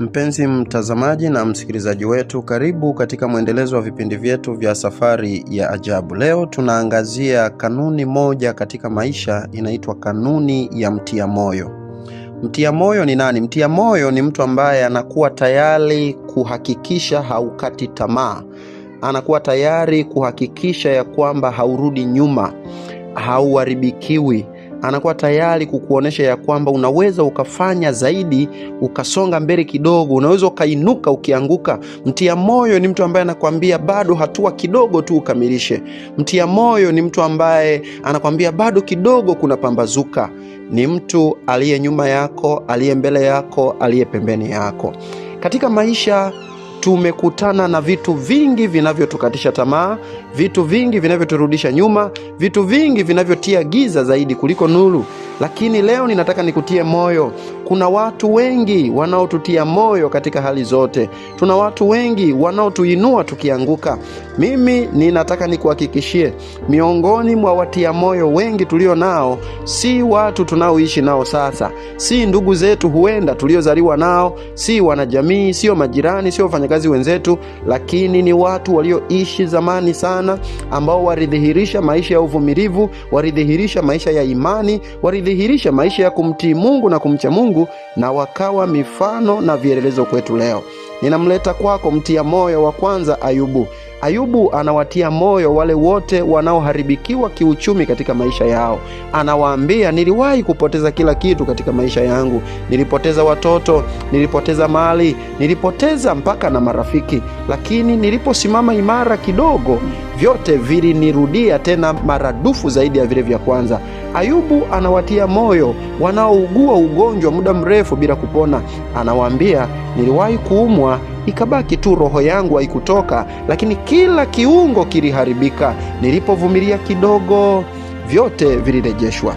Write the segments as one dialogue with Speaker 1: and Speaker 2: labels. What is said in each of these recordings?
Speaker 1: Mpenzi mtazamaji na msikilizaji wetu, karibu katika mwendelezo wa vipindi vyetu vya safari ya ajabu. Leo tunaangazia kanuni moja katika maisha, inaitwa kanuni ya mtia moyo. Mtia moyo ni nani? Mtia moyo ni mtu ambaye anakuwa tayari kuhakikisha haukati tamaa, anakuwa tayari kuhakikisha ya kwamba haurudi nyuma, hauharibikiwi anakuwa tayari kukuonesha ya kwamba unaweza ukafanya zaidi, ukasonga mbele kidogo, unaweza ukainuka ukianguka. Mtia moyo ni mtu ambaye anakwambia bado hatua kidogo tu ukamilishe. Mtia moyo ni mtu ambaye anakwambia bado kidogo kuna pambazuka. Ni mtu aliye nyuma yako, aliye mbele yako, aliye pembeni yako katika maisha tumekutana na vitu vingi vinavyotukatisha tamaa, vitu vingi vinavyoturudisha nyuma, vitu vingi vinavyotia giza zaidi kuliko nuru. Lakini leo ninataka nikutie moyo kuna watu wengi wanaotutia moyo katika hali zote. Tuna watu wengi wanaotuinua tukianguka. Mimi ninataka nikuhakikishie, miongoni mwa watia moyo wengi tulio nao si watu tunaoishi nao sasa, si ndugu zetu huenda tuliozaliwa nao, si wanajamii, sio majirani, sio wafanyakazi wenzetu, lakini ni watu walioishi zamani sana, ambao walidhihirisha maisha ya uvumilivu, walidhihirisha maisha ya imani, walidhihirisha maisha ya kumtii Mungu na kumcha Mungu Mungu na wakawa mifano na vielelezo kwetu leo. Ninamleta kwako mtia moyo wa kwanza Ayubu. Ayubu anawatia moyo wale wote wanaoharibikiwa kiuchumi katika maisha yao. Anawaambia, niliwahi kupoteza kila kitu katika maisha yangu. Nilipoteza watoto, nilipoteza mali, nilipoteza mpaka na marafiki, lakini niliposimama imara kidogo, vyote vilinirudia tena maradufu zaidi ya vile vya kwanza. Ayubu anawatia moyo wanaougua ugonjwa muda mrefu bila kupona. Anawaambia, niliwahi kuumwa ikabaki tu roho yangu haikutoka, lakini kila kiungo kiliharibika. Nilipovumilia kidogo, vyote vilirejeshwa.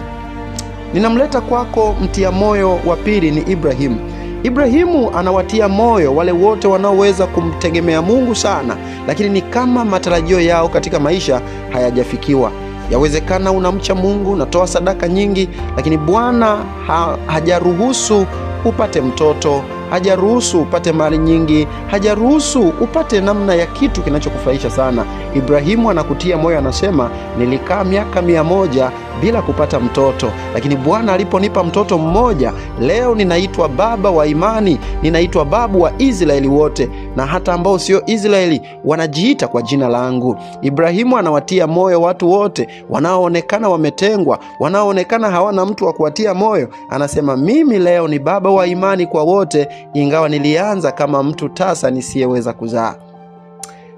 Speaker 1: Ninamleta kwako mtia moyo wa pili ni Ibrahimu. Ibrahimu anawatia moyo wale wote wanaoweza kumtegemea Mungu sana, lakini ni kama matarajio yao katika maisha hayajafikiwa. Yawezekana unamcha Mungu, unatoa sadaka nyingi, lakini Bwana ha, hajaruhusu upate mtoto, hajaruhusu upate mali nyingi, hajaruhusu upate namna ya kitu kinachokufurahisha sana. Ibrahimu anakutia moyo, anasema nilikaa miaka mia moja bila kupata mtoto, lakini Bwana aliponipa mtoto mmoja, leo ninaitwa baba wa imani, ninaitwa babu wa Israeli wote, na hata ambao sio Israeli wanajiita kwa jina langu. Ibrahimu anawatia moyo watu wote wanaoonekana wametengwa, wanaoonekana hawana mtu wa kuwatia moyo. Anasema, mimi leo ni baba wa imani kwa wote, ingawa nilianza kama mtu tasa nisiyeweza kuzaa.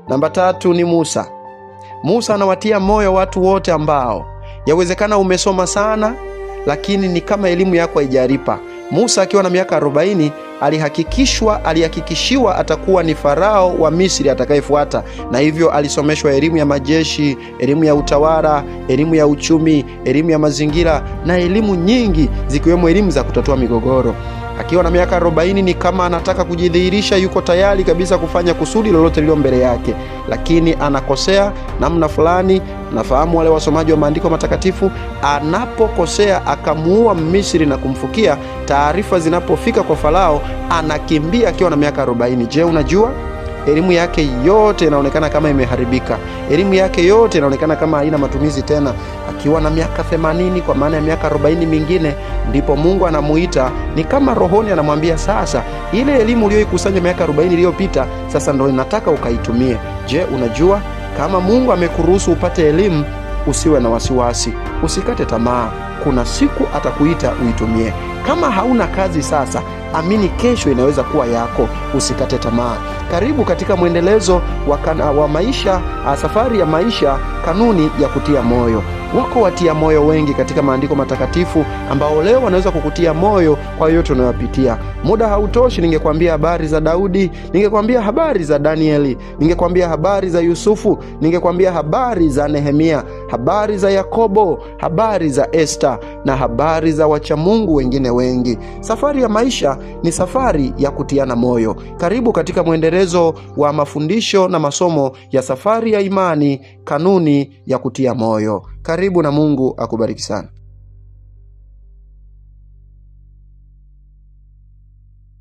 Speaker 1: Namba tatu ni Musa. Musa anawatia moyo watu wote ambao Yawezekana umesoma sana, lakini ni kama elimu yako haijaripa. Musa akiwa na miaka 40 alihakikishwa alihakikishiwa atakuwa ni farao wa Misri atakayefuata, na hivyo alisomeshwa elimu ya majeshi, elimu ya utawala, elimu ya uchumi, elimu ya mazingira na elimu nyingi zikiwemo elimu za kutatua migogoro. Akiwa na miaka 40 ni kama anataka kujidhihirisha, yuko tayari kabisa kufanya kusudi lolote lililo mbele yake, lakini anakosea namna fulani. Nafahamu wale wasomaji wa maandiko matakatifu, anapokosea akamuua Mmisri na kumfukia, taarifa zinapofika kwa Farao anakimbia akiwa na miaka 40. Je, unajua? elimu yake yote inaonekana kama imeharibika, elimu yake yote inaonekana kama haina matumizi tena. Akiwa na miaka 80 kwa maana ya miaka 40 mingine, ndipo Mungu anamuita, ni kama rohoni anamwambia, sasa ile elimu uliyoikusanya miaka 40 iliyopita, sasa ndo inataka ukaitumie. Je, unajua kama Mungu amekuruhusu upate elimu, usiwe na wasiwasi, usikate tamaa. Kuna siku atakuita uitumie. Kama hauna kazi sasa Amini, kesho inaweza kuwa yako. Usikate tamaa. Karibu katika mwendelezo wa, kan, wa maisha, safari ya maisha, kanuni ya kutia moyo. Wako watia moyo wengi katika maandiko matakatifu ambao leo wanaweza kukutia moyo kwa yote unayopitia. Muda hautoshi, ningekwambia habari za Daudi, ningekwambia habari za Danieli, ningekwambia habari za Yusufu, ningekwambia habari za Nehemia, habari za Yakobo, habari za Esta na habari za wachamungu wengine wengi. Safari ya maisha ni safari ya kutiana moyo. Karibu katika mwendelezo wa mafundisho na masomo ya safari ya imani kanuni ya kutia moyo. Karibu na Mungu akubariki sana.